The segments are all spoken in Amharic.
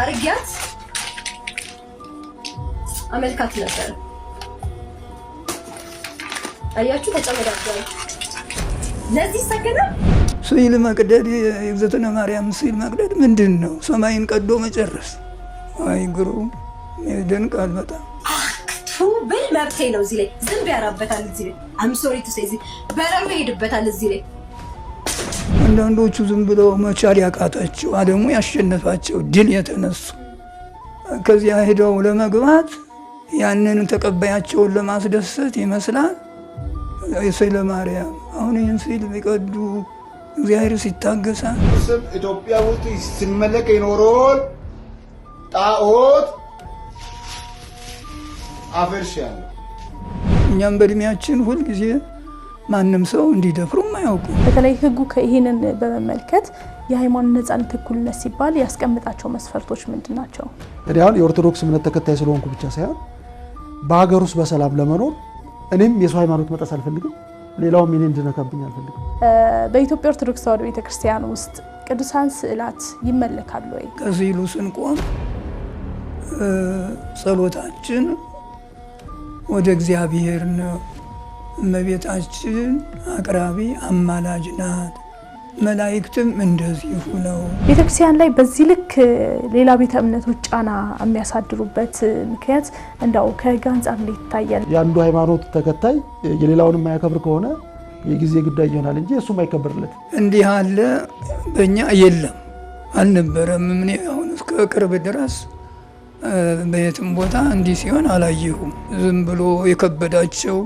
አርጊያት አመልካት ነበር። አያችሁ ተጨምራችኋል። ለዚህ ሰከነ ስዕል መቅደድ የእግዝእትነ ማርያም ስዕል መቅደድ ምንድን ነው? ሰማይን ቀዶ መጨረስ። አይ ግሩም ይደንቃል በጣም ብል መብቴ ነው። እዚህ ላይ ዝንብ ያራበታል። እዚህ ላይ ሶሪ ቱ ሴ በረሮ ይሄድበታል። እዚህ ላይ አንዳንዶቹ ዝም ብለው መቻል ያቃታቸው አለሙ ያሸነፋቸው ድል የተነሱ ከዚያ ሄደው ለመግባት ያንን ተቀባያቸውን ለማስደሰት ይመስላል። ስለ ማርያም አሁን ይህን ሲል ቢቀዱ እግዚአብሔር ሲታገሳል ስም ኢትዮጵያ ውስጥ ሲመለክ የኖረውን ጣዖት አፈርሻለሁ። እኛም በእድሜያችን ሁልጊዜ ማንም ሰው እንዲደፍሩ አያውቁ። በተለይ ህጉ ይህንን በመመልከት የሃይማኖት ነጻነት፣ እኩልነት ሲባል ያስቀምጣቸው መስፈርቶች ምንድን ናቸው? እኔ አሁን የኦርቶዶክስ እምነት ተከታይ ስለሆንኩ ብቻ ሳይሆን በሀገር ውስጥ በሰላም ለመኖር እኔም የሰው ሃይማኖት መጠስ አልፈልግም፣ ሌላውም እኔ እንድነካብኝ አልፈልግም። በኢትዮጵያ ኦርቶዶክስ ተዋህዶ ቤተክርስቲያን ውስጥ ቅዱሳን ስዕላት ይመለካሉ ወይ? ከስዕሉ ስንቆም ጸሎታችን ወደ እግዚአብሔር ነው። እመቤታችን አቅራቢ አማላጅ ናት። መላይክትም እንደዚሁ ነው። ቤተክርስቲያን ላይ በዚህ ልክ ሌላ ቤተ እምነቶች ጫና የሚያሳድሩበት ምክንያት እንዳው ከህግ አንጻር እንዴት ይታያል? የአንዱ ሃይማኖት ተከታይ የሌላውን የማያከብር ከሆነ የጊዜ ጉዳይ ይሆናል እንጂ እሱም አይከብርለት። እንዲህ አለ በእኛ የለም አልነበረም። ምን አሁን እስከ ቅርብ ድረስ በየትም ቦታ እንዲህ ሲሆን አላየሁም። ዝም ብሎ የከበዳቸው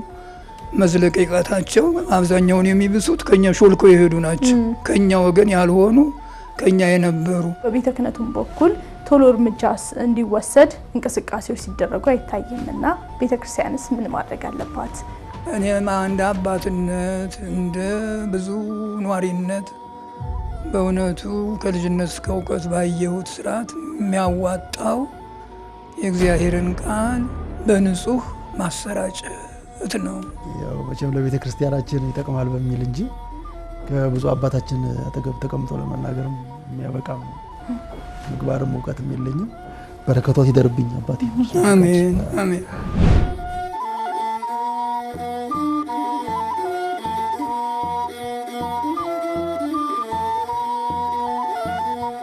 መዝለቅ ይቃታቸው አብዛኛውን የሚብሱት ከኛ ሾልኮ የሄዱ ናቸው። ከኛ ወገን ያልሆኑ ከኛ የነበሩ በቤተ ክህነቱም በኩል ቶሎ እርምጃ እንዲወሰድ እንቅስቃሴዎች ሲደረጉ አይታይምና ቤተ ክርስቲያንስ ምን ማድረግ አለባት? እኔም እንደ አባትነት እንደ ብዙ ኗሪነት በእውነቱ ከልጅነት እስከ እውቀት ባየሁት ስርዓት የሚያዋጣው የእግዚአብሔርን ቃል በንጹህ ማሰራጨት እንትን ነው ያው መቼም ለቤተ ክርስቲያናችን ይጠቅማል በሚል እንጂ ከብዙ አባታችን አጠገብ ተቀምጦ ለመናገርም የሚያበቃም ምግባርም እውቀትም የለኝም። በረከቶት ይደርብኝ አባቴ። አሜን አሜን።